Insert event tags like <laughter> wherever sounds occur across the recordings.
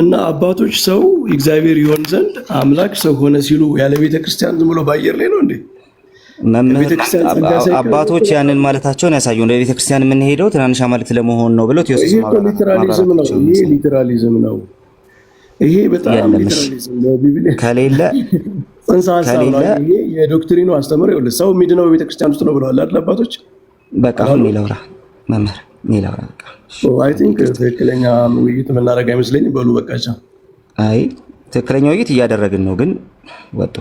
እና አባቶች ሰው እግዚአብሔር ይሆን ዘንድ አምላክ ሰው ሆነ ሲሉ ያለ ቤተ ክርስቲያን ዝም ብሎ በአየር ላይ ነው እንዴ? አባቶች ያንን ማለታቸውን ያሳዩ እንደ ቤተ ክርስቲያን የምንሄደው ትናንሽ አማልክት ለመሆን ነው ብለው ቴዎስ ሊትራሊዝም ነው። ይሄ ሊትራሊዝም ነው። ይሄ በጣም ሊትራሊዝም ነው። ከሌለ <laughs> ጽንሰ ሀሳብ ነው። ይሄ የዶክትሪኑ አስተምሮ ይኸውልህ፣ ሰው የሚድነው በቤተ ክርስቲያን ውስጥ ነው ብለዋል አይደል አባቶች። በቃ አሁን ኒላውራ መምህር ኒላውራ በቃ አይ ቲንክ uh, ትክክለኛ ውይይት የምናደርግ አይመስለኝም። በሉ በቃቻ። አይ ትክክለኛ ውይይት እያደረግን ነው፣ ግን ወጡ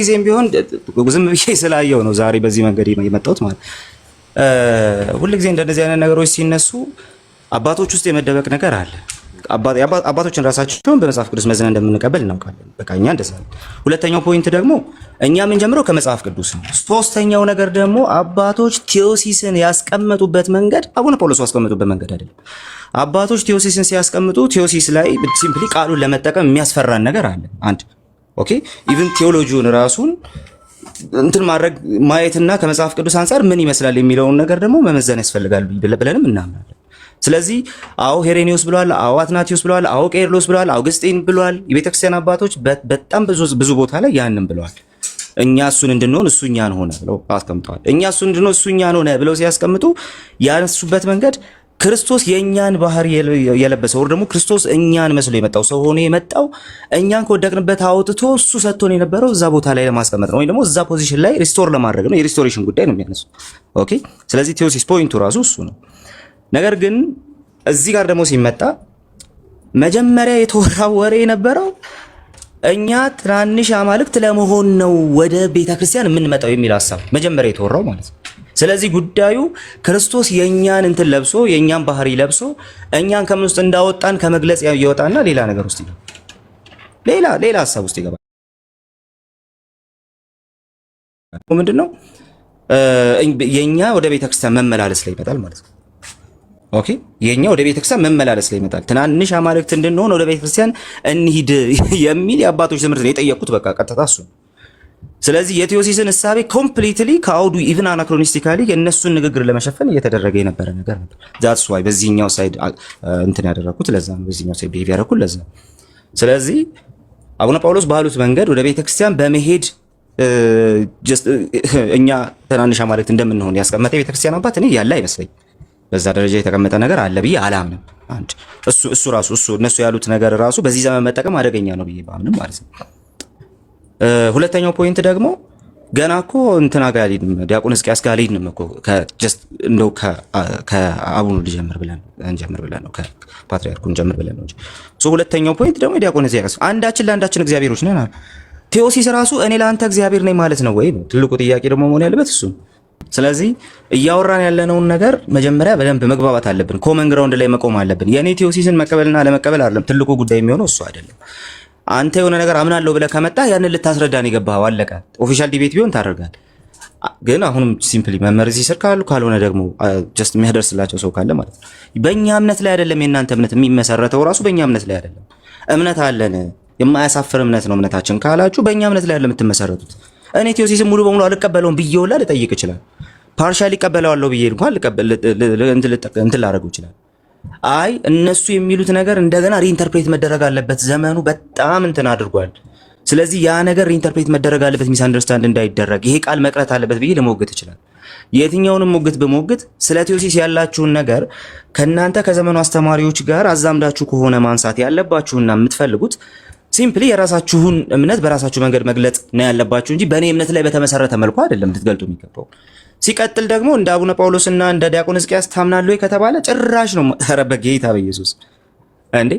ጊዜም ቢሆን ዝም ብዬ ስላየው ነው ዛሬ በዚህ መንገድ የመጣሁት። ማለት ሁልጊዜ እንደነዚህ አይነት ነገሮች ሲነሱ አባቶች ውስጥ የመደበቅ ነገር አለ። አባቶችን ራሳቸውን በመጽሐፍ ቅዱስ መዝና እንደምንቀበል እናውቃለን። በቃ እኛ እንደዛ። ሁለተኛው ፖይንት ደግሞ እኛ የምንጀምረው ከመጽሐፍ ቅዱስ ነው። ሶስተኛው ነገር ደግሞ አባቶች ቴዎሲስን ያስቀመጡበት መንገድ አቡነ ጳውሎስ ያስቀመጡበት መንገድ አይደለም። አባቶች ቴዎሲስን ሲያስቀምጡ ቴዎሲስ ላይ ሲምፕሊ ቃሉን ለመጠቀም የሚያስፈራን ነገር አለ። አንድ ኦኬ ኢቭን ቴዎሎጂውን ራሱን እንትን ማድረግ ማየትና ከመጽሐፍ ቅዱስ አንጻር ምን ይመስላል የሚለውን ነገር ደግሞ መመዘን ያስፈልጋል ብለንም እናምናለን። ስለዚህ አዎ ሄሬኒዮስ ብሏል አዎ አትናቲዮስ ብሏል፣ አዎ ቄርሎስ ብሏል፣ አውግስጢን ብሏል የቤተክርስቲያን አባቶች በጣም ብዙ ቦታ ላይ ያንን ብለዋል። እኛ እሱን እንድንሆን እሱ እኛን ሆነ ብለው አስቀምጠዋል። እኛ እሱን እንድንሆን እሱ እኛን ሆነ ብለው ሲያስቀምጡ ያነሱበት መንገድ ክርስቶስ የእኛን ባህር የለበሰ ወር ደግሞ ክርስቶስ እኛን መስሎ የመጣው ሰው ሆኖ የመጣው እኛን ከወደቅንበት አውጥቶ እሱ ሰጥቶን የነበረው እዛ ቦታ ላይ ለማስቀመጥ ነው፣ ወይም ደግሞ እዛ ፖዚሽን ላይ ሪስቶር ለማድረግ ነው። የሪስቶሬሽን ጉዳይ ነው የሚያነሱ ኦኬ። ስለዚህ ቴዎሲስ ፖይንቱ ራሱ እሱ ነው። ነገር ግን እዚህ ጋር ደግሞ ሲመጣ መጀመሪያ የተወራው ወሬ የነበረው እኛ ትናንሽ አማልክት ለመሆን ነው ወደ ቤተ ክርስቲያን የምንመጣው የሚል ሀሳብ መጀመሪያ የተወራው ማለት ነው። ስለዚህ ጉዳዩ ክርስቶስ የእኛን እንትን ለብሶ የእኛን ባህሪ ለብሶ እኛን ከምን ውስጥ እንዳወጣን ከመግለጽ ይወጣና ሌላ ነገር ውስጥ ይገባል። ሌላ ሌላ ሀሳብ ውስጥ ይገባል። ምንድን ነው የእኛ ወደ ቤተክርስቲያን መመላለስ ላይ ይመጣል ማለት ነው። ኦኬ የኛ ወደ ቤተክርስቲያን መመላለስ ላይ ይመጣል። ትናንሽ አማልክት እንድንሆን ወደ ቤተክርስቲያን እንሂድ <laughs> የሚል የአባቶች ትምህርት ነው የጠየቁት። በቃ ቀጥታ እሱ። ስለዚህ የቴዎሲስን እሳቤ ኮምፕሊትሊ ከአውዱ ኢቭን አናክሮኒስቲካሊ የእነሱን ንግግር ለመሸፈን እየተደረገ የነበረ ነገር ነበር። ዛትስ ዋይ በዚህኛው ሳይድ እንትን ያደረኩት ለዛ ነው። በዚህኛው ሳይድ ቢሄቪ ያደረኩት ለዛ ነው። ስለዚህ አቡነ ጳውሎስ ባሉት መንገድ ወደ ቤተክርስቲያን በመሄድ እኛ ትናንሽ አማልክት እንደምንሆን ያስቀመጠ የቤተክርስቲያን አባት እኔ ያለ አይመስለኝም። በዛ ደረጃ የተቀመጠ ነገር አለ ብዬ አላምንም። አንድ እሱ እሱ ራሱ እሱ እነሱ ያሉት ነገር ራሱ በዚህ ዘመን መጠቀም አደገኛ ነው ብዬ ባምንም ማለት ነው። ሁለተኛው ፖይንት ደግሞ ገና እኮ እንትና ጋር አልሄድም፣ ዲያቆን ሕዝቅያስ ጋር አልሄድንም እኮ ከጀስት እንደው ከአቡኑ ልጀምር ብለን እንጀምር ብለን ነው ከፓትሪያርኩ እንጀምር ብለን ነው። እንጂ። ሁለተኛው ፖይንት ደግሞ ዲያቆን ሕዝቅያስ አንዳችን ለአንዳችን እግዚአብሔሮች ነን። ቴዎሲስ ራሱ እኔ ለአንተ እግዚአብሔር ነኝ ማለት ነው ወይ? ትልቁ ጥያቄ ደግሞ መሆን ያለበት እሱ ስለዚህ እያወራን ያለነውን ነገር መጀመሪያ በደንብ መግባባት አለብን። ኮመን ግራውንድ ላይ መቆም አለብን። የእኔ ቴዎሲስን መቀበልና ለመቀበል አይደለም ትልቁ ጉዳይ የሚሆነው እሱ አይደለም። አንተ የሆነ ነገር አምናለሁ ብለህ ከመጣ ያንን ልታስረዳን የገባኸው አለቀ። ኦፊሻል ዲቤት ቢሆን ታደርጋል። ግን አሁንም ሲምፕሊ መመርዝ ይስር ካሉ ካልሆነ ደግሞ ጀስት የሚያደርስላቸው ሰው ካለ ማለት ነው። በእኛ እምነት ላይ አይደለም የእናንተ እምነት የሚመሰረተው ራሱ በእኛ እምነት ላይ አይደለም። እምነት አለን የማያሳፍር እምነት ነው እምነታችን ካላችሁ በእኛ እምነት ላይ አይደለም የምትመሰረቱት። እኔ ቴዎሲስን ሙሉ በሙሉ አልቀበለውም ብዬውላ ልጠይቅ ይችላል ፓርሻሊ ቀበለዋለሁ ብዬ እንኳን እንትን ላደርገው ይችላል። አይ እነሱ የሚሉት ነገር እንደገና ሪኢንተርፕሬት መደረግ አለበት። ዘመኑ በጣም እንትን አድርጓል። ስለዚህ ያ ነገር ሪኢንተርፕሬት መደረግ አለበት፣ ሚስ አንደርስታንድ እንዳይደረግ ይሄ ቃል መቅረት አለበት ብዬ ልሞግት ይችላል። የትኛውንም ሞግት በሞግት ስለ ቴዎሲስ ያላችሁን ነገር ከእናንተ ከዘመኑ አስተማሪዎች ጋር አዛምዳችሁ ከሆነ ማንሳት ያለባችሁና የምትፈልጉት ሲምፕሊ የራሳችሁን እምነት በራሳችሁ መንገድ መግለጽ ነው ያለባችሁ እንጂ በእኔ እምነት ላይ በተመሰረተ መልኩ አይደለም ልትገልጡ የሚገባው። ሲቀጥል ደግሞ እንደ አቡነ ጳውሎስና እንደ ዲያቆን ሕዝቅያስ ታምናሉ ከተባለ ጭራሽ ነው። ኧረ በጌታ በኢየሱስ እንዴ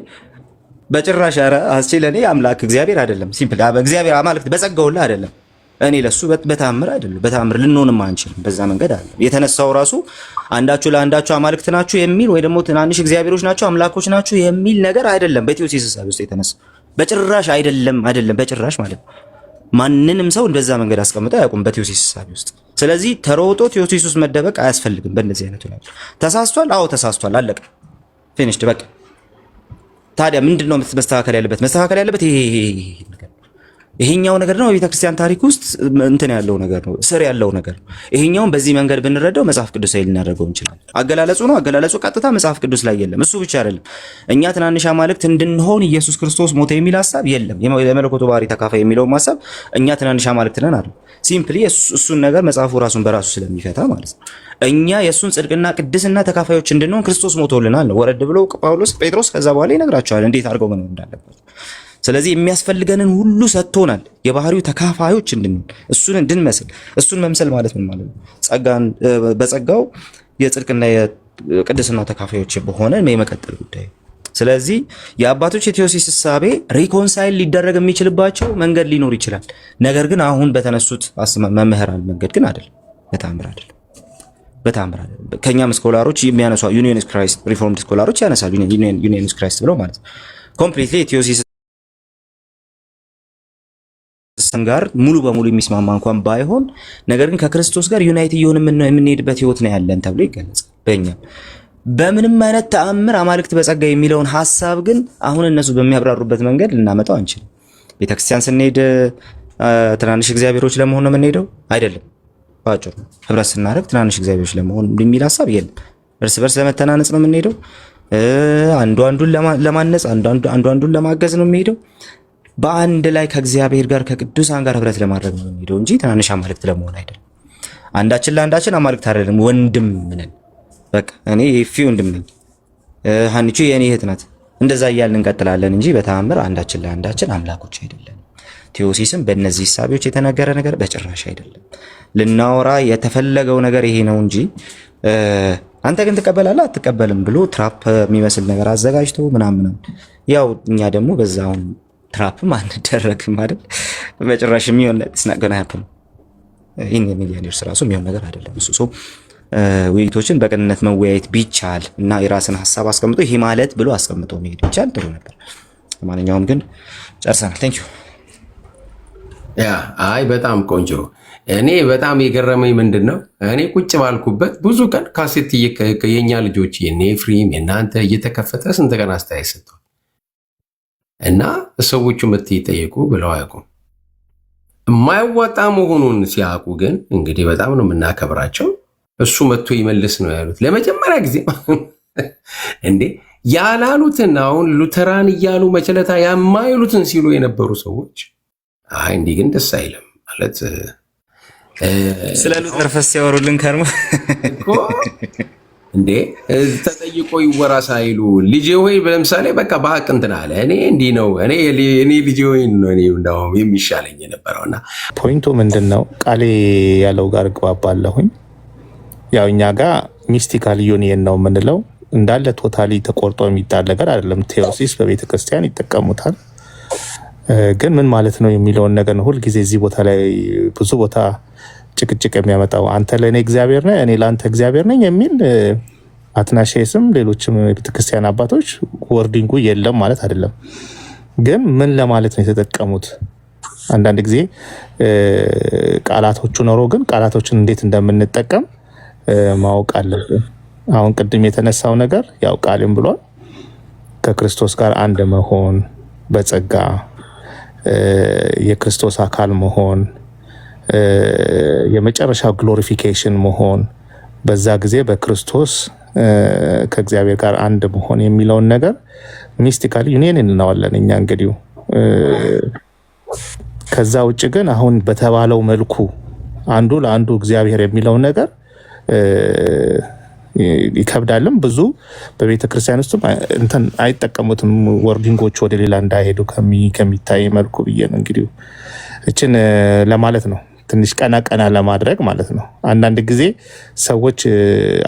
በጭራሽ ኧረ አስችል። እኔ አምላክ እግዚአብሔር አይደለም፣ ሲምፕል እግዚአብሔር አማልክት በጸጋውላ አይደለም። እኔ ለሱ በታምር አይደለም፣ በታምር ልንሆንም አንችልም። በዛ መንገድ አለ የተነሳው ራሱ አንዳችሁ ለአንዳችሁ አማልክት ናችሁ የሚል ወይ ደግሞ ትናንሽ እግዚአብሔሮች ናቸው አምላኮች ናቸው የሚል ነገር አይደለም። በቴዎሲስ ሐሳብ ውስጥ የተነሳ በጭራሽ አይደለም፣ አይደለም፣ በጭራሽ ማለት ነው። ማንንም ሰው በዛ መንገድ አስቀምጠው አያውቁም በቴዎሲስ ሐሳብ ውስጥ ስለዚህ ተሮጦ ቴዎቴስ ውስጥ መደበቅ አያስፈልግም። በእንደዚህ አይነቱ ላይ ተሳስቷል። አዎ ተሳስቷል። አለቀ። ፊኒሽድ በቃ። ታዲያ ምንድን ነው መስተካከል ያለበት? መስተካከል ያለበት ይሄ ይሄኛው ነገር ደግሞ በቤተ ክርስቲያን ታሪክ ውስጥ እንትን ያለው ነገር ነው፣ ስር ያለው ነገር ነው። ይሄኛውን በዚህ መንገድ ብንረዳው መጽሐፍ ቅዱስ ላይ ልናደርገው እንችላለን። አገላለጹ ነው። አገላለጹ ቀጥታ መጽሐፍ ቅዱስ ላይ የለም። እሱ ብቻ አይደለም። እኛ ትናንሽ አማልክት እንድንሆን ኢየሱስ ክርስቶስ ሞተ የሚል ሀሳብ የለም። የመለኮቱ ባህሪ ተካፋይ የሚለው ሀሳብ እኛ ትናንሽ አማልክት ነን አለ። ሲምፕሊ እሱን ነገር መጽሐፉ ራሱን በራሱ ስለሚፈታ ማለት ነው። እኛ የእሱን ጽድቅና ቅድስና ተካፋዮች እንድንሆን ክርስቶስ ሞቶልናል ነው። ወረድ ብሎ ጳውሎስ ጴጥሮስ ከዛ በኋላ ይነግራቸዋል እንዴት አድርገው መኖር እንዳለባቸው ስለዚህ የሚያስፈልገንን ሁሉ ሰጥቶናል። የባህሪው ተካፋዮች እንድንሆን እሱን እንድንመስል እሱን መምሰል ማለት ምን ማለት ነው? ጸጋን በጸጋው የጽድቅና የቅድስና ተካፋዮች በሆነ የመቀጠል ጉዳይ። ስለዚህ የአባቶች የቴዎሲስ እሳቤ ሪኮንሳይል ሊደረግ የሚችልባቸው መንገድ ሊኖር ይችላል። ነገር ግን አሁን በተነሱት መምህራን መንገድ ግን አይደለም፣ በተአምር አይደለም። በተአምር አይደለም። ከእኛም ስኮላሮች የሚያነሷ ዩኒየን ክራይስት ሪፎርምድ ስኮላሮች ያነሳል ዩኒየን ክራይስት ብለው ማለት ነው ኮምፕሊትሊ የቴዎሲስ ክርስቲያን ጋር ሙሉ በሙሉ የሚስማማ እንኳን ባይሆን ነገር ግን ከክርስቶስ ጋር ዩናይት እየሆን የምንሄድበት ህይወት ነው ያለን ተብሎ ይገለጻል። በእኛም በምንም አይነት ተአምር አማልክት በጸጋ የሚለውን ሀሳብ ግን አሁን እነሱ በሚያብራሩበት መንገድ ልናመጣው አንችልም። ቤተክርስቲያን ስንሄድ ትናንሽ እግዚአብሔሮች ለመሆን ነው የምንሄደው አይደለም። ባጭሩ ህብረት ስናደርግ ትናንሽ እግዚአብሔሮች ለመሆን የሚል ሀሳብ የለም። እርስ በርስ ለመተናነጽ ነው የምንሄደው። አንዱ አንዱን ለማነጽ፣ አንዱ አንዱን ለማገዝ ነው የሚሄደው። በአንድ ላይ ከእግዚአብሔር ጋር ከቅዱሳን ጋር ህብረት ለማድረግ ነው የምንሄደው እንጂ ትናንሽ አማልክት ለመሆን አይደለም። አንዳችን ለአንዳችን አማልክት አይደለም፣ ወንድም ነን። በቃ እኔ የፊ ወንድም ነኝ፣ ሀኒቹ የእኔ እህት ናት። እንደዛ እያልን እንቀጥላለን እንጂ በተአምር አንዳችን ለአንዳችን አምላኮች አይደለም። ቴዎሲስም በእነዚህ ሳቢዎች የተነገረ ነገር በጭራሽ አይደለም። ልናወራ የተፈለገው ነገር ይሄ ነው እንጂ አንተ ግን ትቀበላለህ አትቀበልም ብሎ ትራፕ የሚመስል ነገር አዘጋጅቶ ምናምን፣ ያው እኛ ደግሞ በዛውን ትራፕም አንደረግም አይደል? በጭራሽ የሚሆን ስናገና ያክል ይህን የሚሊዮኔርስ ራሱ የሚሆን ነገር አይደለም እሱ uh, ውይይቶችን በቅንነት መወያየት ቢቻል እና የራስን ሀሳብ አስቀምጦ ይሄ ማለት ብሎ አስቀምጦ መሄድ ቢቻል ጥሩ ነበር። ማንኛውም ግን ጨርሰናል። ቴንክ ያ አይ በጣም ቆንጆ። እኔ በጣም የገረመኝ ምንድን ነው እኔ ቁጭ ባልኩበት ብዙ ቀን ካሴት የኛ ልጆች የኔ ፍሪም የእናንተ እየተከፈተ ስንት ቀን አስተያየት ሰጥተዋል። እና ሰዎቹ መጥተው ይጠየቁ ብለው አያውቁም። የማያዋጣ መሆኑን ሲያውቁ ግን እንግዲህ በጣም ነው የምናከብራቸው። እሱ መጥቶ ይመልስ ነው ያሉት ለመጀመሪያ ጊዜ <laughs> እንዴ ያላሉትን አሁን ሉተራን እያሉ መቸለታ የማይሉትን ሲሉ የነበሩ ሰዎች አይ እንዲህ ግን ደስ አይልም ማለት ስለ ሉተር ፈስ ያወሩልን ከርሞ እንዴ ተጠይቆ ይወራ ሳይሉ ልጄ ሆይ ለምሳሌ በቃ በሀቅ እንትን አለ። እኔ እንዲህ ነው እኔ ልጄ ሆይ እንደውም የሚሻለኝ የነበረውና ፖይንቱ ምንድን ነው? ቃሌ ያለው ጋር እግባባለሁኝ። ያው እኛ ጋር ሚስቲካል ዩኒየን ነው የምንለው እንዳለ ቶታሊ ተቆርጦ የሚጣል ነገር አይደለም። ቴዎሲስ በቤተ ክርስቲያን ይጠቀሙታል። ግን ምን ማለት ነው የሚለውን ነገር ሁልጊዜ እዚህ ቦታ ላይ ብዙ ቦታ ጭቅጭቅ የሚያመጣው አንተ ለእኔ እግዚአብሔር ነህ፣ እኔ ለአንተ እግዚአብሔር ነኝ የሚል አትናሼስም ሌሎችም ቤተክርስቲያን አባቶች ወርዲንጉ የለም ማለት አይደለም። ግን ምን ለማለት ነው የተጠቀሙት? አንዳንድ ጊዜ ቃላቶቹ ኖሮ ግን ቃላቶችን እንዴት እንደምንጠቀም ማወቅ አለብን። አሁን ቅድም የተነሳው ነገር ያው ቃልም ብሏል ከክርስቶስ ጋር አንድ መሆን በጸጋ የክርስቶስ አካል መሆን የመጨረሻው ግሎሪፊኬሽን መሆን በዛ ጊዜ በክርስቶስ ከእግዚአብሔር ጋር አንድ መሆን የሚለውን ነገር ሚስቲካል ዩኒየን እንለዋለን እኛ እንግዲሁ። ከዛ ውጭ ግን አሁን በተባለው መልኩ አንዱ ለአንዱ እግዚአብሔር የሚለውን ነገር ይከብዳልም። ብዙ በቤተ ክርስቲያን ውስጥም እንትን አይጠቀሙትም ወርዲንጎች ወደ ሌላ እንዳይሄዱ ከሚታይ መልኩ ብዬ ነው እንግዲህ እችን ለማለት ነው። ትንሽ ቀና ቀና ለማድረግ ማለት ነው። አንዳንድ ጊዜ ሰዎች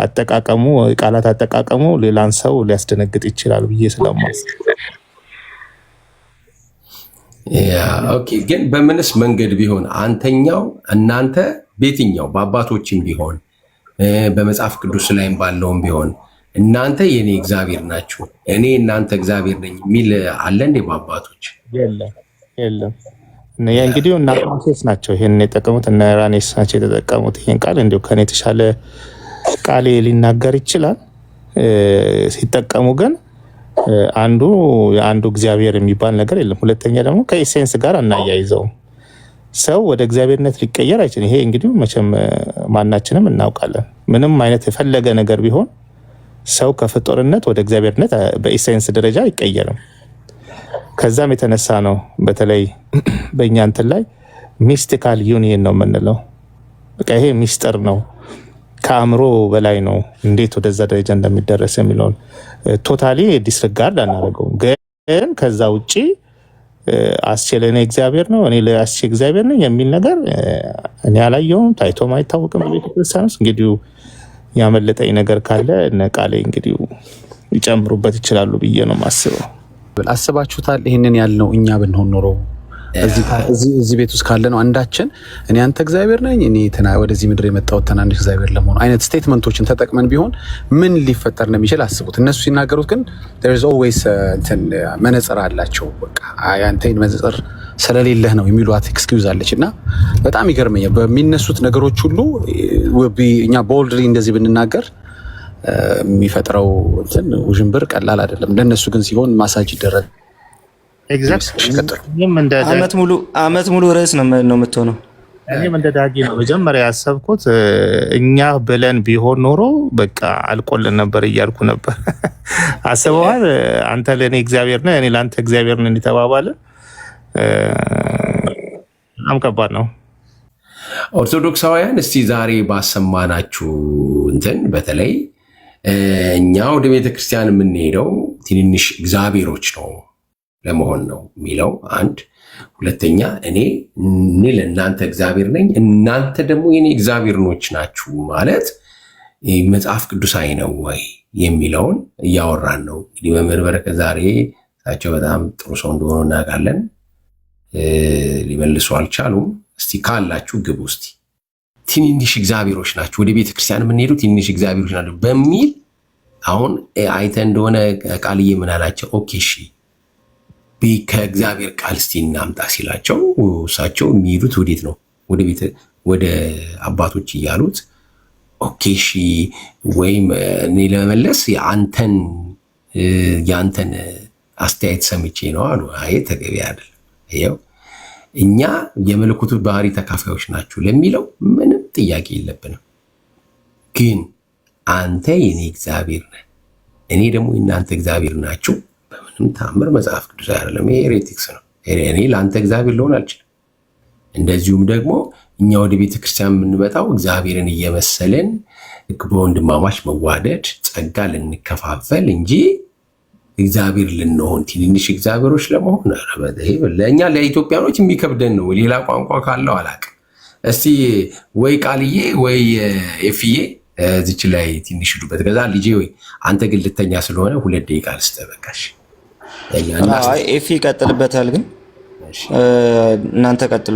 አጠቃቀሙ ቃላት አጠቃቀሙ ሌላን ሰው ሊያስደነግጥ ይችላል ብዬ ስለማስብ ግን በምንስ መንገድ ቢሆን አንተኛው እናንተ ቤትኛው በአባቶችም ቢሆን በመጽሐፍ ቅዱስ ላይም ባለውም ቢሆን እናንተ የእኔ እግዚአብሔር ናችሁ፣ እኔ እናንተ እግዚአብሔር ነኝ የሚል አለ እንዴ? በአባቶች የለም የለም። እንግዲህ እና ራኔስ ናቸው ይህን የጠቀሙት እና ራኔስ ናቸው የተጠቀሙት ይህን ቃል እንዲሁ ከኔ የተሻለ ቃሌ ሊናገር ይችላል። ሲጠቀሙ ግን አንዱ የአንዱ እግዚአብሔር የሚባል ነገር የለም። ሁለተኛ ደግሞ ከኤሴንስ ጋር አናያይዘውም። ሰው ወደ እግዚአብሔርነት ሊቀየር አይችልም። ይሄ እንግዲህ መቼም ማናችንም እናውቃለን። ምንም አይነት የፈለገ ነገር ቢሆን ሰው ከፍጡርነት ወደ እግዚአብሔርነት በኤሴንስ ደረጃ አይቀየርም። ከዛም የተነሳ ነው በተለይ <clears throat> በእኛ እንትን ላይ ሚስቲካል ዩኒየን ነው የምንለው። በቃ ይሄ ሚስጥር ነው፣ ከአእምሮ በላይ ነው። እንዴት ወደዛ ደረጃ እንደሚደረስ የሚለውን ቶታሊ ዲስርጋርድ አናደርገው፣ ግን ከዛ ውጭ አስቼ ለእኔ እግዚአብሔር ነው እኔ ለአስ እግዚአብሔር ነኝ የሚል ነገር እኔ አላየውም፣ ታይቶም አይታወቅም። ቤተክርስቲያን ውስጥ እንግዲሁ ያመለጠኝ ነገር ካለ እነ ቃሌ ሊጨምሩበት ይችላሉ ብዬ ነው ማስበው። አስባችሁታል? ይህንን ያልነው እኛ ብንሆን ኖሮ እዚህ ቤት ውስጥ ካለ ነው አንዳችን እኔ አንተ እግዚአብሔር ነኝ እኔ ወደዚህ ምድር የመጣሁት ትናንሽ እግዚአብሔር ለመሆኑ አይነት ስቴትመንቶችን ተጠቅመን ቢሆን ምን ሊፈጠር እንደሚችል አስቡት። እነሱ ሲናገሩት ግን ርስ uh, uh, መነጽር አላቸው። በቃ አንተ መነጽር ስለሌለህ ነው የሚሏት ኤክስኪውዝ አለች። እና በጣም ይገርመኛል በሚነሱት ነገሮች ሁሉ uh, እኛ ቦልድሊ እንደዚህ ብንናገር የሚፈጥረው እንትን ውዥንብር ቀላል አይደለም። ለእነሱ ግን ሲሆን ማሳጅ ይደረግ አመት ሙሉ ርዕስ ነው የምትሆነው። እኔም እንደ ዳጊ ነው መጀመሪያ ያሰብኩት። እኛ ብለን ቢሆን ኖሮ በቃ አልቆልን ነበር እያልኩ ነበር። <laughs> አስበዋል። አንተ ለእኔ እግዚአብሔር ነህ፣ እኔ ለአንተ እግዚአብሔር ነን የተባባልን በጣም ከባድ ነው። ኦርቶዶክሳውያን እስቲ ዛሬ ባሰማናችሁ እንትን በተለይ እኛ ወደ ቤተ ክርስቲያን የምንሄደው ትንንሽ እግዚአብሔሮች ነው ለመሆን ነው የሚለው አንድ። ሁለተኛ እኔ እኔ እናንተ እግዚአብሔር ነኝ፣ እናንተ ደግሞ የኔ እግዚአብሔርኖች ናችሁ ማለት መጽሐፍ ቅዱሳዊ ነው ወይ የሚለውን እያወራን ነው። እንግዲህ መምህር በረከ ዛሬ እሳቸው በጣም ጥሩ ሰው እንደሆኑ እናውቃለን፣ ሊመልሱ አልቻሉም። እስቲ ካላችሁ ግቡ እስቲ ትንንሽ እግዚአብሔሮች ናቸው፣ ወደ ቤተ ክርስቲያን የምንሄደው ትንንሽ እግዚአብሔሮች ናቸው በሚል አሁን አይተ እንደሆነ ቃልዬ ምን አላቸው? ኦኬ እሺ ከእግዚአብሔር ቃል እስቲ እናምጣ ሲላቸው እሳቸው የሚሄዱት ወዴት ነው? ወደ አባቶች እያሉት ኦኬ እሺ ወይም እኔ ለመመለስ የአንተን የአንተን አስተያየት ሰምቼ ነው አሉ። አይ ተገቢ አይደለም። ይኸው እኛ የመለኮቱ ባህሪ ተካፋዮች ናችሁ ለሚለው ምን ጥያቄ የለብንም። ግን አንተ የኔ እግዚአብሔር ነህ፣ እኔ ደግሞ የእናንተ እግዚአብሔር ናችሁ። በምንም ታምር መጽሐፍ ቅዱስ አይደለም። ይሄ ሄሬቲክስ ነው። እኔ ለአንተ እግዚአብሔር ልሆን አልችልም። እንደዚሁም ደግሞ እኛ ወደ ቤተ ክርስቲያን የምንመጣው እግዚአብሔርን እየመሰልን በወንድማማች መዋደድ ጸጋ ልንከፋፈል እንጂ እግዚአብሔር ልንሆን ትንንሽ እግዚአብሔሮች ለመሆን ለእኛ ለኢትዮጵያኖች የሚከብደን ነው። ሌላ ቋንቋ ካለው አላቅም። እስቲ ወይ ቃልዬ ወይ ኤፍዬ እዚች ላይ ትንሽ ሂዱበት። ከዛ ልጄ ወይ አንተ ግን ልተኛ ስለሆነ ሁለት ደቂቃ ልስጥ በቃሽ። ኤፍ ይቀጥልበታል፣ ግን እናንተ ቀጥሉ።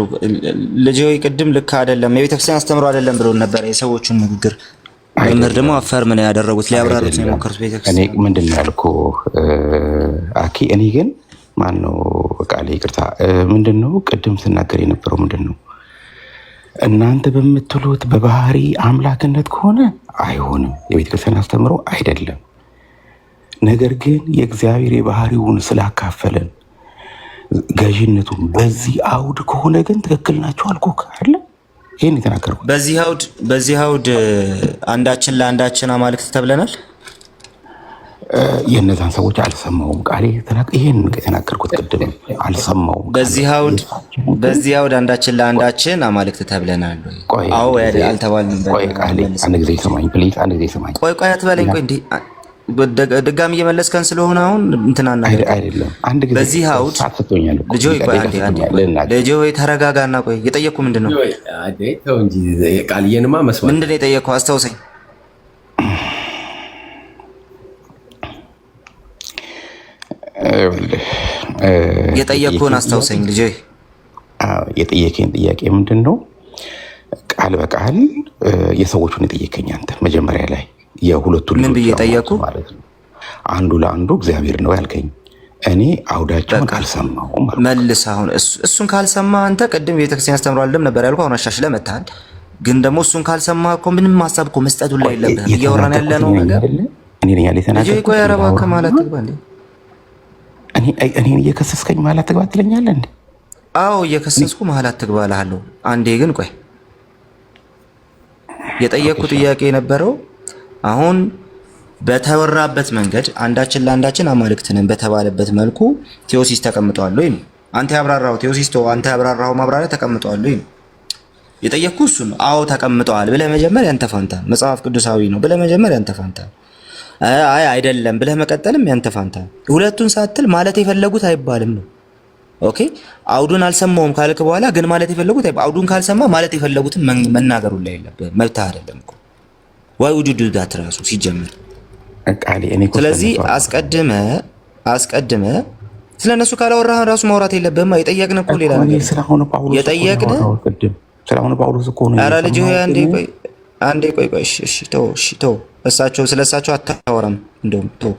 ልጄ ወይ ቅድም ልክ አይደለም የቤተክርስቲያን አስተምሮ አይደለም ብሎ ነበር የሰዎቹን ንግግር። መምህር ደግሞ አፈር ምን ያደረጉት ሊያብራሩት ነው የሞከሩት። ቤተክርስቲያን ምንድን ያልኩ አኪ እኔ ግን ማን ነው ቃል ይቅርታ፣ ምንድን ነው ቅድም ስናገር የነበረው ምንድን ነው እናንተ በምትሉት በባህሪ አምላክነት ከሆነ አይሆንም። የቤተክርስቲያን አስተምሮ አይደለም። ነገር ግን የእግዚአብሔር የባህሪውን ስላካፈለን ገዥነቱን በዚህ አውድ ከሆነ ግን ትክክል ናቸው አልኩህ አለ። ይህን የተናገርኩት በዚህ አውድ በዚህ አውድ አንዳችን ለአንዳችን አማልክት ተብለናል። የእነዛን ሰዎች አልሰማውም። ቃሌ ይሄን የተናገርኩት ቅድም አልሰማውም። በዚህ አውድ በዚህ አውድ አንዳችን ለአንዳችን አማልክት ተብለናል። አልተባልንም። አንድ ጊዜ ይሰማኝ ፕሊዝ፣ አንድ ጊዜ ይሰማኝ። ቆይ ቆይ አትበለኝ። ቆይ እንዲህ ድጋሚ እየመለስከን ስለሆነ አሁን እንትናና አይደለም። አንድ ጊዜ በዚህ አውድ ልጆ ወይ ተረጋጋና ቆይ የጠየቅኩ ምንድን ነው ምንድን ነው የጠየቅኩ አስታውሰኝ የጠየቅኩህን አስታውሰኝ ልጄ። የጠየቀኝ ጥያቄ ምንድን ነው? ቃል በቃል የሰዎቹን የጠየቀኝ አንተ መጀመሪያ ላይ የሁለቱን ምን ብዬ ጠየቅኩ ማለት ነው። አንዱ ለአንዱ እግዚአብሔር ነው ያልከኝ እኔ አውዳቸውን አልሰማሁም። መልስ አሁን እሱን ካልሰማ አንተ ቅድም ቤተክርስቲያን አስተምሮ አለም ነበር ያልኩ አሁን አሻሽለ መታል። ግን ደግሞ እሱን ካልሰማ እኮ ምንም ሀሳብ እኮ መስጠቱ ላይ የለብህም። እያወራን ያለ ነው ነገር እኔ ያለ ተናገ ቆይ አረባ ከማለት ግባ እኔን እየከሰስከኝ መሀል አትግባ ትለኛለህ እንዴ? አዎ እየከሰስኩ መሀል አትግባ እልሃለሁ። አንዴ ግን ቆይ የጠየቅኩ ጥያቄ የነበረው አሁን በተወራበት መንገድ አንዳችን ለአንዳችን አማልክትንን በተባለበት መልኩ ቴዎሲስ ተቀምጧል ወይ ነው አንተ ያብራራው ቴዎሲስ አንተ ያብራራው ማብራሪያ ተቀምጧል ወይ ነው የጠየቅኩ እሱ ነው። አዎ ተቀምጠዋል ብለህ መጀመር ያንተ ፋንታ መጽሐፍ ቅዱሳዊ ነው ብለህ መጀመር ያንተ ፋንታ አይ አይደለም ብለህ መቀጠልም ያንተ ፋንታ። ሁለቱን ሳትል ማለት የፈለጉት አይባልም ነው። ኦኬ አውዱን አልሰማውም ካልክ በኋላ ግን ማለት የፈለጉት አውዱን ካልሰማ ማለት የፈለጉትን መናገሩ ላይ የለብህም። መብትህ አይደለም እኮ ዋይ ውድ ዳት ራሱ ሲጀምር። ስለዚህ አስቀድመ አስቀድመ ስለ እነሱ ካላወራህ ራሱ ማውራት የለብህም። የጠየቅን እኮ ሌላ ነገር የጠየቅን ስለሆነ ጳውሎስ እኮ ነው። ኧረ ልጅ ሆይ አንዴ ቆይ፣ አንዴ ቆይ፣ ቆይ፣ እሺ፣ እሺ፣ ተው፣ እሺ፣ ተው እሳቸው ስለ እሳቸው አታወራም። እንደውም ቶ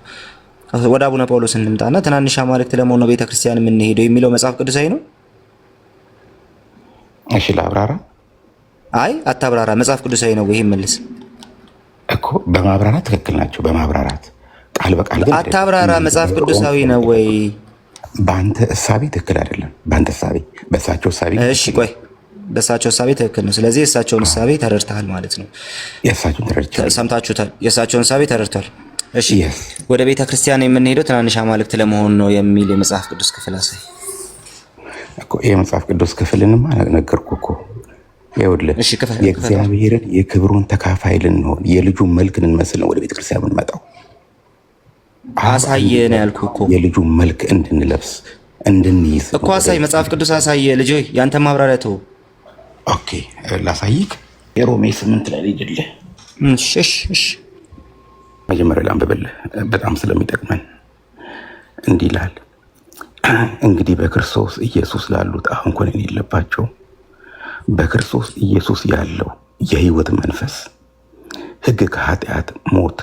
ወደ አቡነ ጳውሎስ እንምጣና ትናንሽ አማልክት ለመሆን ነው ቤተክርስቲያን የምንሄደው የሚለው መጽሐፍ ቅዱሳዊ ነው? እሺ ላብራራ። አይ አታብራራ፣ መጽሐፍ ቅዱሳዊ ነው ይሄ መልስ እኮ በማብራራት ትክክል ናቸው። በማብራራት ቃል በቃል ግን አታብራራ። መጽሐፍ ቅዱሳዊ ነው ወይ? በአንተ እሳቤ ትክክል አይደለም። በአንተ እሳቤ፣ በእሳቸው እሳቤ። እሺ ቆይ በእሳቸው እሳቤ ትክክል ነው። ስለዚህ የእሳቸውን እሳቤ ተረድተሃል ማለት ነው። ሰምታችሁታል። የእሳቸውን እሳቤ ተረድቷል። እሺ፣ ወደ ቤተ ክርስቲያን የምንሄደው ትናንሽ አማልክት ለመሆን ነው የሚል የመጽሐፍ ቅዱስ ክፍል አሳይ። ይህ መጽሐፍ ቅዱስ ክፍልንማ ነገርኩህ እኮ ይኸውልህ የእግዚአብሔርን የክብሩን ተካፋይ ልንሆን የልጁ መልክ ልንመስል ነው ወደ ቤተ ቤተክርስቲያን የምንመጣው። ነው ያልኩ እኮ የልጁ መልክ እንድንለብስ እንድንይዝ እኮ አሳይ፣ መጽሐፍ ቅዱስ አሳየ። ልጅ ያንተ ማብራሪያ ተው ኦኬ ላሳይክ። የሮሜ ስምንት ላይ አይደለ? እሺ መጀመሪያ ላንብብልህ በጣም ስለሚጠቅመን እንዲህ ይላል። እንግዲህ በክርስቶስ ኢየሱስ ላሉት አሁን ኮነን የለባቸው በክርስቶስ ኢየሱስ ያለው የህይወት መንፈስ ህግ ከኃጢአት ሞት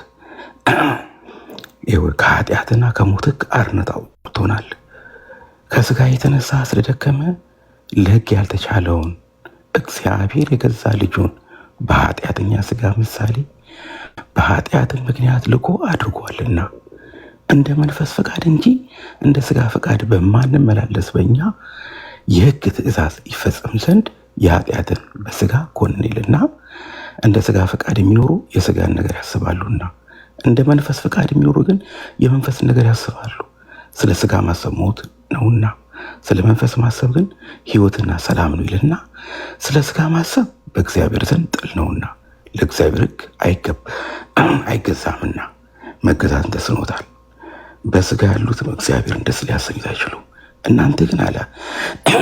ከኃጢአትና ከሞት ህግ አርነት አውጥቶናል። ከስጋ የተነሳ ስለደከመ ለህግ ያልተቻለውን እግዚአብሔር የገዛ ልጁን በኃጢአተኛ ስጋ ምሳሌ በኃጢአትን ምክንያት ልኮ አድርጓልና እንደ መንፈስ ፈቃድ እንጂ እንደ ስጋ ፈቃድ በማንመላለስ በእኛ የህግ ትእዛዝ ይፈጸም ዘንድ የኃጢአትን በስጋ ኮንንልና እንደ ስጋ ፈቃድ የሚኖሩ የስጋን ነገር ያስባሉና እንደ መንፈስ ፈቃድ የሚኖሩ ግን የመንፈስን ነገር ያስባሉ፣ ስለ ስጋ ማሰብ ሞት ነውና። ስለ መንፈስ ማሰብ ግን ህይወትና ሰላም ነው ይልና ስለ ስጋ ማሰብ በእግዚአብሔር ዘንድ ጥል ነውና ለእግዚአብሔር አይገብ አይገዛምና መገዛትን ተስኖታል። በስጋ ያሉት እግዚአብሔርን ደስ ሊያሰኙት አይችሉ። እናንተ ግን አለ <clears throat>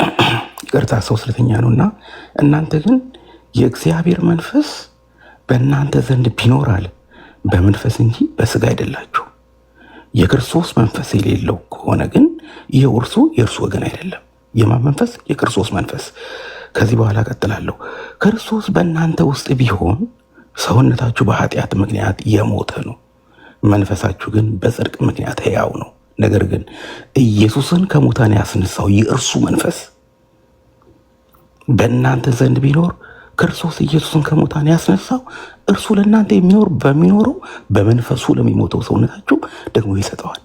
ቅርታ ሰው ስለተኛ ነውና እናንተ ግን የእግዚአብሔር መንፈስ በእናንተ ዘንድ ቢኖር አለ በመንፈስ እንጂ በስጋ አይደላችሁ የክርስቶስ መንፈስ የሌለው ከሆነ ግን ይሄው እርሱ የእርሱ ወገን አይደለም። የማን መንፈስ? የክርስቶስ መንፈስ። ከዚህ በኋላ ቀጥላለሁ። ክርስቶስ በእናንተ ውስጥ ቢሆን ሰውነታችሁ በኃጢአት ምክንያት የሞተ ነው፣ መንፈሳችሁ ግን በጽድቅ ምክንያት ሕያው ነው። ነገር ግን ኢየሱስን ከሙታን ያስነሳው የእርሱ መንፈስ በእናንተ ዘንድ ቢኖር ክርስቶስ ኢየሱስን ከሙታን ያስነሳው እርሱ ለእናንተ የሚኖር በሚኖረው በመንፈሱ ለሚሞተው ሰውነታችሁ ደግሞ ይሰጠዋል።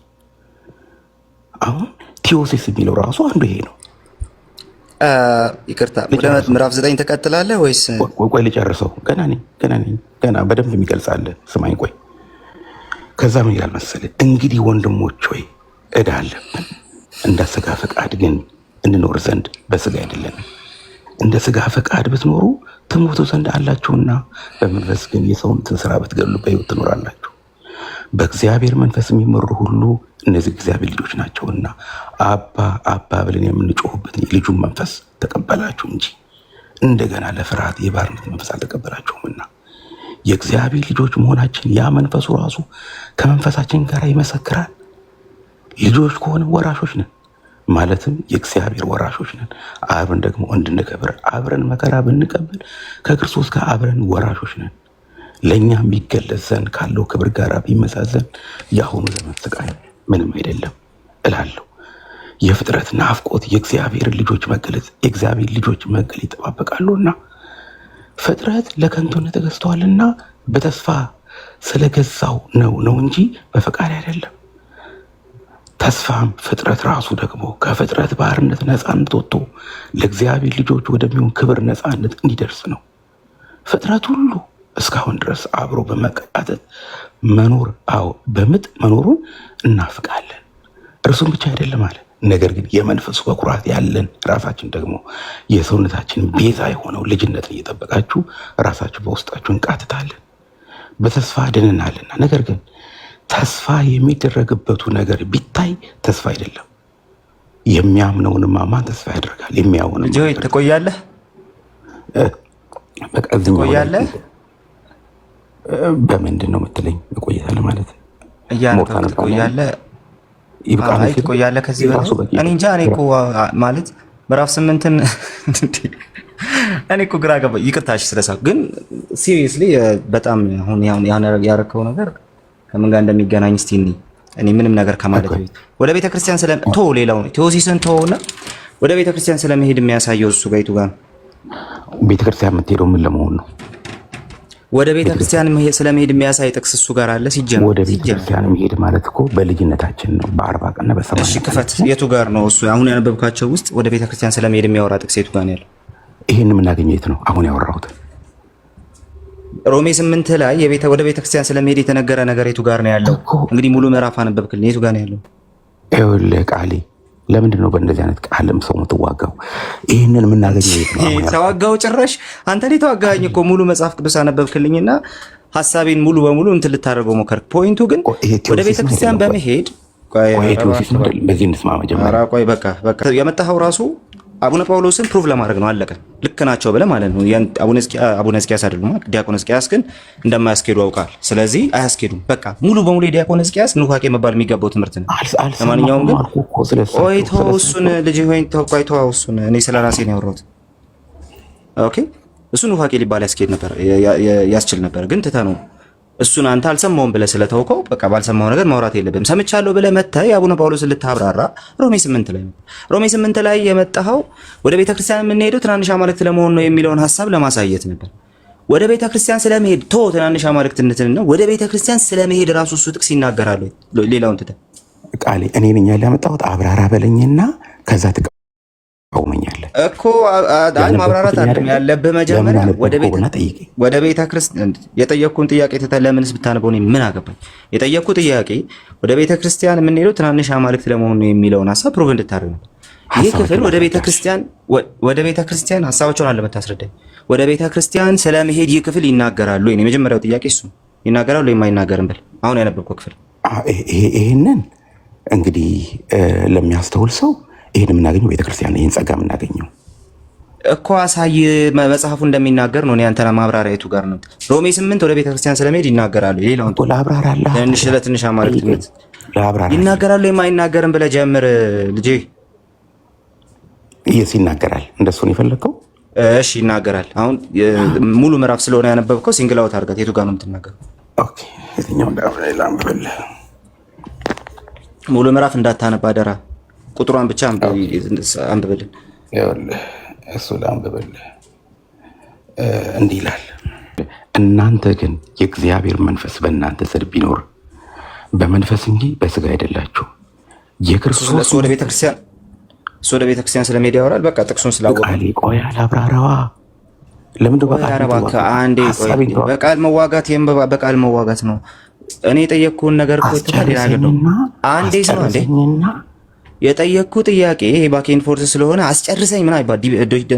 አሁን ቲዮሲስ የሚለው ራሱ አንዱ ይሄ ነው። ይቅርታ ምዕራፍ ዘጠኝ ተቀጥላለህ ወይስ? ቆይ ልጨርሰው። ገና ነኝ ገና ነኝ ገና በደንብ የሚገልጻለን። ስማኝ ቆይ። ከዛ ምን ይላል መሰለህ? እንግዲህ ወንድሞች ሆይ ዕዳ አለብን እንደ ሥጋ ፈቃድ ግን እንኖር ዘንድ በስጋ አይደለንም እንደ ስጋ ፈቃድ ብትኖሩ ትሞቱ ዘንድ አላችሁና፣ በመንፈስ ግን የሰውነትን ስራ ብትገድሉ በሕይወት ትኖራላችሁ። በእግዚአብሔር መንፈስ የሚመሩ ሁሉ እነዚህ እግዚአብሔር ልጆች ናቸውና፣ አባ አባ ብለን የምንጮሁበት የልጁን መንፈስ ተቀበላችሁ እንጂ እንደገና ለፍርሃት የባርነት መንፈስ አልተቀበላችሁምና የእግዚአብሔር ልጆች መሆናችን ያ መንፈሱ ራሱ ከመንፈሳችን ጋር ይመሰክራል። ልጆች ከሆነ ወራሾች ነን። ማለትም የእግዚአብሔር ወራሾች ነን። አብረን ደግሞ እንድንከብር አብረን መከራ ብንቀበል ከክርስቶስ ጋር አብረን ወራሾች ነን። ለእኛ የሚገለጽ ዘንድ ካለው ክብር ጋር ቢመሳዘን የአሁኑ ዘመን ስቃይ ምንም አይደለም እላለሁ። የፍጥረት ናፍቆት የእግዚአብሔር ልጆች መገለጽ የእግዚአብሔር ልጆች መገለጽ ይጠባበቃሉና ፍጥረት ለከንቱነት ተገዝቷልና በተስፋ ስለገዛው ነው ነው እንጂ በፈቃድ አይደለም። ተስፋም ፍጥረት ራሱ ደግሞ ከፍጥረት ባርነት ነፃነት ወጥቶ ለእግዚአብሔር ልጆች ወደሚሆን ክብር ነፃነት እንዲደርስ ነው። ፍጥረት ሁሉ እስካሁን ድረስ አብሮ በመቃተት መኖር አዎ በምጥ መኖሩን እናፍቃለን። እርሱም ብቻ አይደለም አለ። ነገር ግን የመንፈሱ በኩራት ያለን ራሳችን ደግሞ የሰውነታችን ቤዛ የሆነው ልጅነትን እየጠበቃችሁ ራሳችሁ በውስጣችሁ እንቃትታለን። በተስፋ ድንናለና ነገር ግን ተስፋ የሚደረግበቱ ነገር ቢታይ ተስፋ አይደለም። የሚያምነውንማ ማን ተስፋ ያደርጋል? የሚያውን ትቆያለህ፣ ትቆያለህ። በምንድን ነው የምትለኝ? እቆይታለሁ ማለት ትቆያለህ። ከዚህ እኔ እንጃ። እኔ እኮ ማለት ምዕራፍ ስምንትን እኔ እኮ ግራ ገባ። ይቅርታሽ ስለሳ ግን ሲሪየስሊ በጣም ያረከው ነገር ከምን ጋር እንደሚገናኝ እስቲ እኔ እኔ ምንም ነገር ከማለት በፊት ወደ ቤተ ክርስቲያን ስለ ቶ ሌላው ነው ቴዎሲስን ተውና ወደ ቤተ ክርስቲያን ስለመሄድ የሚያሳየው እሱ ጋይቱ ጋር ቤተ ክርስቲያን የምትሄደው ምን ለመሆን ነው? ወደ ቤተ ክርስቲያን ስለመሄድ የሚያሳይ ጥቅስ እሱ ጋር አለ። ሲጀምር ወደ ቤተ ክርስቲያን መሄድ ማለት እኮ በልጅነታችን ነው፣ በአርባ ቀንና በሰማ። እሺ፣ ክፈት። የቱ ጋር ነው እሱ? አሁን ያነበብካቸው ውስጥ ወደ ቤተ ክርስቲያን ስለመሄድ የሚያወራ ጥቅስ የቱ ጋር ነው ያለው? ይህን የምናገኘው ነው? አሁን ያወራሁትን ሮሜ ስምንት ላይ የቤተ ወደ ቤተ ክርስቲያን ስለመሄድ የተነገረ ነገር የቱ ጋር ነው ያለው? እንግዲህ ሙሉ ምዕራፍ አነበብክልን። የቱ ጋር ነው ያለው? ይኸውልህ ቃሌ ለምንድን ነው በእንደዚህ አይነት ቃልም ሰው የምትዋጋው? ይህንን የምናገኘው ተዋጋው። ጭራሽ አንተ ላይ ተዋጋኝ እኮ ሙሉ መጽሐፍ ቅዱስ አነበብክልኝና ሀሳቤን ሙሉ በሙሉ እንትን ልታደርገው ሞከርክ። ፖይንቱ ግን ወደ ቤተክርስቲያን በመሄድ በዚህ እንስማ። መጀመሪያ ቆይ በቃ በቃ የመጣኸው ራሱ አቡነ ጳውሎስን ፕሩቭ ለማድረግ ነው። አለቀ። ልክ ናቸው ብለህ ማለት ነው። አቡነ እስቂያስ አይደሉም። ዲያቆን እስቂያስ ግን እንደማያስኬዱ አውቃል። ስለዚህ አያስኬዱም። በቃ ሙሉ በሙሉ የዲያቆን እስቂያስ ንኳቄ መባል የሚገባው ትምህርት ነው። ለማንኛውም ግን ቆይቶ እሱን ልጅ ወይ ሆይ ቆይቶ እሱን እኔ ስለ ራሴ ነው ያወራሁት። ኦኬ እሱ ንኳቄ ሊባል ያስኬድ ነበር ያስችል ነበር፣ ግን ትተህ ነው እሱን አንተ አልሰማውም ብለህ ስለተውከው በቃ ባልሰማው ነገር ማውራት የለብም። ሰምቻለሁ ብለህ መጥተህ የአቡነ ጳውሎስ ልታብራራ ሮሜ ስምንት ላይ ሮሜ ስምንት ላይ የመጣኸው ወደ ቤተ ቤተክርስቲያን የምንሄደው ትናንሽ አማልክት ለመሆን ነው የሚለውን ሀሳብ ለማሳየት ነበር። ወደ ቤተ ክርስቲያን ስለመሄድ ቶ ትናንሽ አማልክትነትን ነው ወደ ቤተ ክርስቲያን ስለመሄድ ራሱ እሱ ጥቅስ ይናገራሉ። ሌላውን ትተህ ቃሌ እኔ ነኝ ያለ ያመጣሁት አብራራ በለኝና ከዛ ታቆመኛለህ እኮ አንድ ማብራራት አለ ያለብህ። መጀመሪያ ወደ ቤት ወደ ቤተ ክርስቲያን የጠየቅኩህን ጥያቄ ትተህ ለምንስ ብታነበው እኔ ምን አገባኝ? የጠየቅኩህ ጥያቄ ወደ ቤተ ክርስቲያን የምንሄደው ትናንሽ አማልክት ለመሆኑ የሚለውን ሀሳብ ፕሮቭ እንድታደርግ ነው። ይህ ክፍል ወደ ቤተ ክርስቲያን ወደ ቤተ ክርስቲያን ሀሳባቸውን አለመታስረዳኝ ወደ ቤተ ክርስቲያን ስለመሄድ ይህ ክፍል ይናገራሉ። ወይ? የመጀመሪያው ጥያቄ እሱ ይናገራሉ ወይም አይናገርም ብል አሁን ያነበብከው ክፍል ይህንን እንግዲህ ለሚያስተውል ሰው ይህን የምናገኘው ቤተክርስቲያን ይህን ጸጋ የምናገኘው እኮ አሳይ መጽሐፉ እንደሚናገር ነው። አንተና ማብራሪያቱ ጋር ነው። ሮሜ ስምንት ወደ ቤተክርስቲያን ስለመሄድ ይናገራሉ። ሌላውን ለአብራራለሽ ለትንሽ አማርክ ትምህርት ይናገራሉ። የማይናገርም ብለህ ጀምር ልጄ። የስ ይናገራል። እንደሱ ነው የፈለግከው? እሺ ይናገራል። አሁን ሙሉ ምዕራፍ ስለሆነ ያነበብከው ሲንግል አውት አድርጋት። የቱ ጋር ነው የምትናገር? የትኛው ሙሉ ምዕራፍ እንዳታነባ አደራ። ቁጥሯን ብቻ አንብብልን። እሱ ለአንብብል እንዲህ ይላል፣ እናንተ ግን የእግዚአብሔር መንፈስ በእናንተ ስር ቢኖር በመንፈስ እንጂ በስጋ አይደላችሁ የክርስቶስ ወደ ቤተክርስቲያን እሱ ወደ ቤተክርስቲያን ስለሚሄድ ያወራል። በቃ ጥቅሱን ስላወቀ ቆይ አላብራራዋ ለምን በቃል መዋጋት በቃል መዋጋት ነው። እኔ የጠየቅኩህን ነገር አንዴ የጠየቅኩ ጥያቄ ባኬን ፎርስ ስለሆነ አስጨርሰኝ ምን አይባል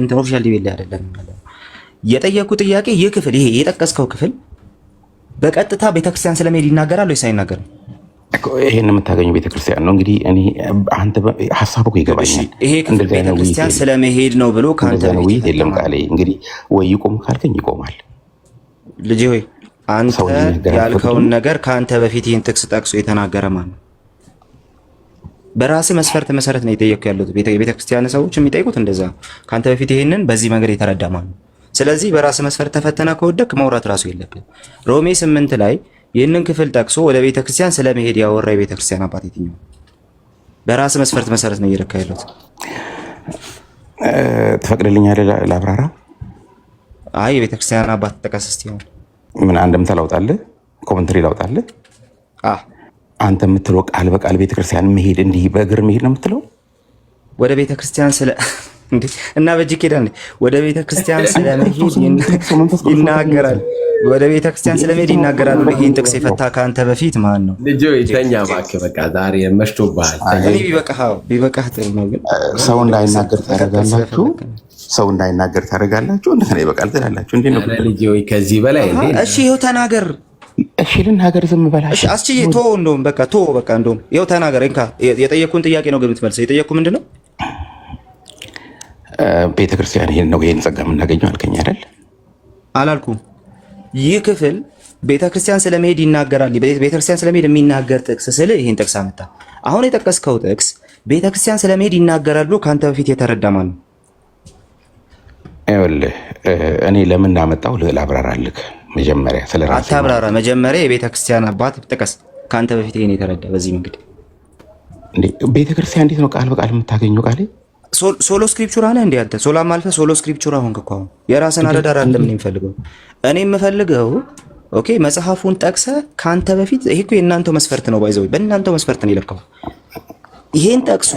እንትን ኦፊሻል ዲቤት ላይ አይደለም። የጠየቅኩ ጥያቄ ይህ ክፍል ይሄ የጠቀስከው ክፍል በቀጥታ ቤተክርስቲያን ስለመሄድ ይናገራል ወይስ አይናገርም? ይሄን የምታገኙ ቤተክርስቲያን ነው እንግዲህ። እኔ አንተ ሀሳብ እኮ ይገባኛል። ይሄ ቤተክርስቲያን ስለመሄድ ነው ብሎ ከአንተ ውይይት የለም። ቃል እንግዲህ ወይ ይቆም ካልከኝ ይቆማል። ልጅ ሆይ አንተ ያልከውን ነገር ከአንተ በፊት ይህን ጥቅስ ጠቅሶ የተናገረ ማነው? በራሴ መስፈርት መሰረት ነው የጠየኩ ያሉት። ቤተክርስቲያን ሰዎች የሚጠይቁት እንደዛ ነው። ከአንተ በፊት ይሄንን በዚህ መንገድ የተረዳ ማን ነው? ስለዚህ በራስ መስፈርት ተፈተና ከወደክ መውራት ራሱ የለብን። ሮሜ ስምንት ላይ ይህንን ክፍል ጠቅሶ ወደ ቤተክርስቲያን ስለመሄድ ያወራ የቤተክርስቲያን አባት የትኛው? በራስ መስፈርት መሰረት ነው እየረካ ያሉት። ትፈቅድልኛል ለአብራራ? አይ የቤተክርስቲያን አባት ተጠቀስ እስቲ። ምን አንድምታ ላውጣልህ? ኮመንትሪ ላውጣልህ? አንተ የምትለው ቃል በቃል ቤተክርስቲያን መሄድ እንዲህ በእግር መሄድ ነው የምትለው? ወደ ቤተክርስቲያን ስለ <laughs> እና በእጅ ሄዳ ወደ ቤተክርስቲያን ስለመሄድ ይናገራል። ወደ ቤተክርስቲያን ስለመሄድ ይናገራሉ። ይህን ጥቅስ የፈታ ከአንተ በፊት ማን ነው? ልጅ ተኛ እባክህ፣ በቃ ዛሬ መሽቶብሃል። ቢበቃህ ጥሩ ነው፣ ግን ሰው እንዳይናገር ታደርጋላችሁ። ሰው እንዳይናገር ታደርጋላችሁ። እንደ ይበቃል ትላላችሁ። እንዴት ነው ልጅ? ከዚህ በላይ እሺ፣ ይኸው ተናገር እሽልን ሀገር ዝም በላሽ። እሺ አስቺ ቶ እንደውም በቃ ቶ በቃ እንደውም ይኸው ተናገር። እንካ የጠየኩን ጥያቄ ነው ግን የምትመልሰው። የጠየኩ ምንድን ነው? ቤተ ክርስቲያን ይሄን ነው ይህን ጸጋ የምናገኘው አልከኝ አይደል? አላልኩም። ይህ ክፍል ቤተ ክርስቲያን ስለመሄድ ይናገራል። ቤተ ክርስቲያን ስለመሄድ የሚናገር ጥቅስ ስል ይህን ጥቅስ አመጣ። አሁን የጠቀስከው ጥቅስ ቤተ ክርስቲያን ስለመሄድ ይናገራል ብሎ ከአንተ በፊት የተረዳ ማን ነው? ይኸውልህ እኔ ለምን አመጣው ልዕል አብራራልክ መጀመሪያ ስለ ራሴ አታብራራ። መጀመሪያ የቤተ ክርስቲያን አባት ጥቀስ። ከአንተ በፊት ይሄን የተረዳ በዚህ መንገድ ቤተ ክርስቲያን እንዴት ነው ቃል በቃል የምታገኘው? ቃል ሶሎ ስክሪፕቹራ ነህ እንዴ አንተ? ሶላ ማልፈ ሶሎ ስክሪፕቹራ ሆንክ እኮ አሁን። የራስን አረዳር አለ። ምን የምፈልገው እኔ የምፈልገው ኦኬ፣ መጽሐፉን ጠቅሰ ከአንተ በፊት ይሄ እኮ የእናንተው መስፈርት ነው። ባይዘው በእናንተው መስፈርት ነው የለካው። ይሄን ጠቅሶ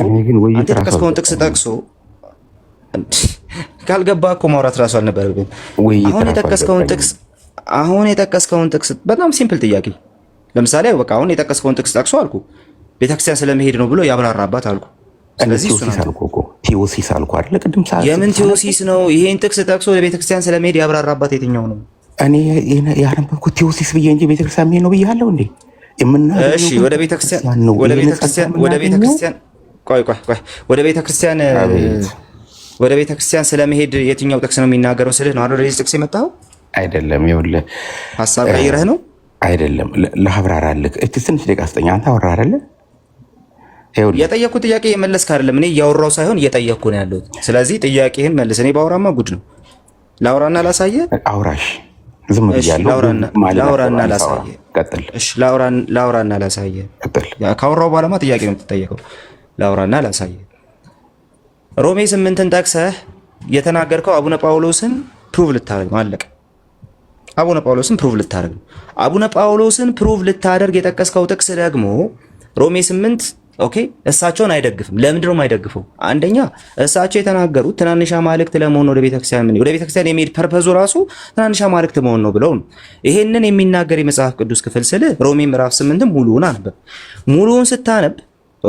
አንተ ጠቀስከውን ጥቅስ ጠቅሶ ካልገባ እኮ ማውራት ራሱ አልነበረብን። አሁን የጠቀስከውን ጥቅስ አሁን የጠቀስከውን ጥቅስ በጣም ሲምፕል ጥያቄ ለምሳሌ በቃ አሁን የጠቀስከውን ጥቅስ ጠቅሶ አልኩ ቤተክርስቲያን ስለመሄድ ነው ብሎ ያብራራባት አልኩ። ስለዚህ ቴዎሲስ አልኩ አይደለ? ቅድም የምን ቴዎሲስ ነው? ይሄን ጥቅስ ጠቅሶ ቤተክርስቲያን ስለመሄድ ያብራራባት የትኛው ነው? እኔ ያነበብኩት ቴዎሲስ ብዬ እንጂ ቤተክርስቲያን መሄድ ነው ብያለሁ እንዴ? እሺ ወደ ቤተክርስቲያን ወደ ቤተክርስቲያን ወደ ወደ ወደ ቤተክርስቲያን ቤተክርስቲያን ቤተክርስቲያን ቆይ ቆይ ቆይ ስለመሄድ የትኛው ጥቅስ ነው የሚናገረው ስልህ ነው አደ ጥቅስ የመጣኸው አይደለም ይውል ሀሳብ ቀይረህ ነው አይደለም። ለአብራራልህ እ ትንሽ ደቂቃ ስጠኝ። አንተ አወራ አይደለ? የጠየቅኩህ ጥያቄ የመለስክ አይደለም። እኔ እያወራው ሳይሆን እየጠየቅኩ ነው ያለሁት። ስለዚህ ጥያቄህን መልስ። እኔ ባወራማ ጉድ ነው። ላውራና ላሳየ አውራሽ ዝም ብያለሁ። ላውራና ላውራና ላሳየህ። ቀጥል። በኋላማ ጥያቄ ነው የምትጠየቀው። ላውራና ላሳየ ሮሜ ስምንትን ጠቅሰህ የተናገርከው አቡነ ጳውሎስን ፕሩቭ ልታደርግ ነው። አለቀ። አቡነ ጳውሎስን ፕሩቭ ልታደርግ ነው። አቡነ ጳውሎስን ፕሩቭ ልታደርግ የጠቀስከው ጥቅስ ደግሞ ሮሜ 8 ኦኬ፣ እሳቸውን አይደግፍም። ለምንድን ነው የማይደግፈው? አንደኛ እሳቸው የተናገሩት ትናንሽ አማልክት ለመሆን ወደ ቤተክርስቲያን ምን ወደ ቤተክርስቲያን የሚሄድ ፐርፐዙ ራሱ ትናንሽ አማልክት መሆን ነው ብለው ነው። ይሄንን የሚናገር የመጽሐፍ ቅዱስ ክፍል ስለ ሮሜ ምዕራፍ 8 ሙሉውን አነበብ። ሙሉውን ስታነብ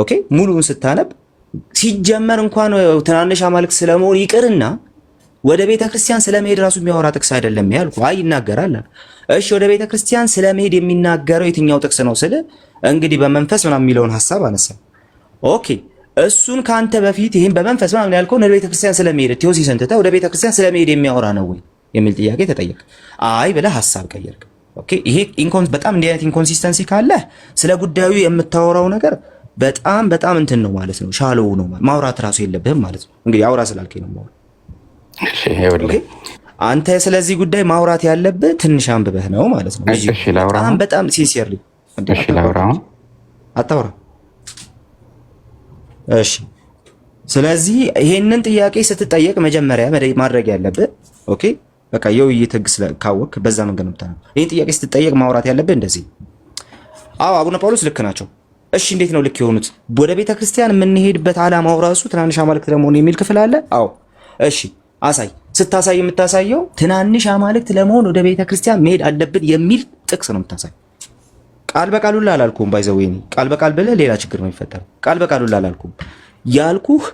ኦኬ፣ ሙሉውን ስታነብ ሲጀመር እንኳን ትናንሽ አማልክት ስለመሆን ይቅርና ወደ ቤተ ክርስቲያን ስለመሄድ ራሱ የሚያወራ ጥቅስ አይደለም ያልኩ። አይ ይናገራል። እሺ ወደ ቤተ ክርስቲያን ስለመሄድ የሚናገረው የትኛው ጥቅስ ነው ስለ እንግዲህ በመንፈስ ምናምን የሚለውን ሐሳብ አነሳ። ኦኬ እሱን ከአንተ በፊት ይሄን በመንፈስ ምናምን ያልከውን ወደ ቤተ ክርስቲያን ስለመሄድ ቴዎሲስን ትተህ ወደ ቤተ ክርስቲያን ስለመሄድ የሚያወራ ነው ወይ የሚል ጥያቄ ተጠየቅ። አይ ብለህ ሐሳብ ቀየርክ። ኦኬ ይሄ ኢንኮንስ በጣም እንዲህ አይነት ኢንኮንሲስተንሲ ካለ ስለ ጉዳዩ የምታወራው ነገር በጣም በጣም እንትን ነው ማለት ነው። ሻሎው ነው ማውራት ራሱ የለብህም ማለት ነው። እንግዲህ አውራ ስላልከኝ ነው አንተ ስለዚህ ጉዳይ ማውራት ያለብህ ትንሽ አንብበህ ነው ማለት ነው። በጣም በጣም ሲንሲየርሊ አታውራ። እሺ፣ ስለዚህ ይሄንን ጥያቄ ስትጠየቅ መጀመሪያ ማድረግ ያለብህ ኦኬ፣ በቃ የውይይት ህግ ካወቅ በዛ መንገድ ነው ይህን ጥያቄ ስትጠየቅ ማውራት ያለብህ እንደዚህ፣ አዎ አቡነ ጳውሎስ ልክ ናቸው። እሺ፣ እንዴት ነው ልክ የሆኑት? ወደ ቤተክርስቲያን የምንሄድበት ዓላማው ራሱ ትናንሽ አማልክት ለመሆን የሚል ክፍል አለ። አዎ፣ እሺ አሳይ ስታሳይ የምታሳየው ትናንሽ አማልክት ለመሆን ወደ ቤተ ክርስቲያን መሄድ አለብን የሚል ጥቅስ ነው የምታሳይ። ቃል በቃሉላ አላልኩም። ባይዘወይ ቃል በቃል ብለ ሌላ ችግር ነው የሚፈጠረው። ቃል በቃሉላ አላልኩም ያልኩህ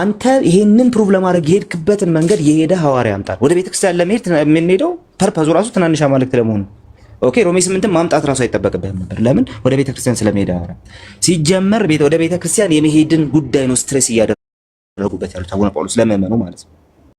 አንተ ይሄንን ፕሩቭ ለማድረግ የሄድክበትን መንገድ የሄደ ሐዋርያ ያምጣል። ወደ ቤተ ክርስቲያን ለመሄድ የምንሄደው ፐርፐዙ ራሱ ትናንሽ አማልክት ለመሆን ኦኬ ሮሜ ስምንትን ማምጣት ራሱ አይጠበቅብህም ነበር። ለምን ወደ ቤተ ክርስቲያን ስለመሄድ ሐዋርያ ሲጀመር ወደ ቤተ ክርስቲያን የመሄድን ጉዳይ ነው ስትሬስ እያደረጉበት ያሉት አቡነ ጳውሎስ ለመመኑ ማለት ነው።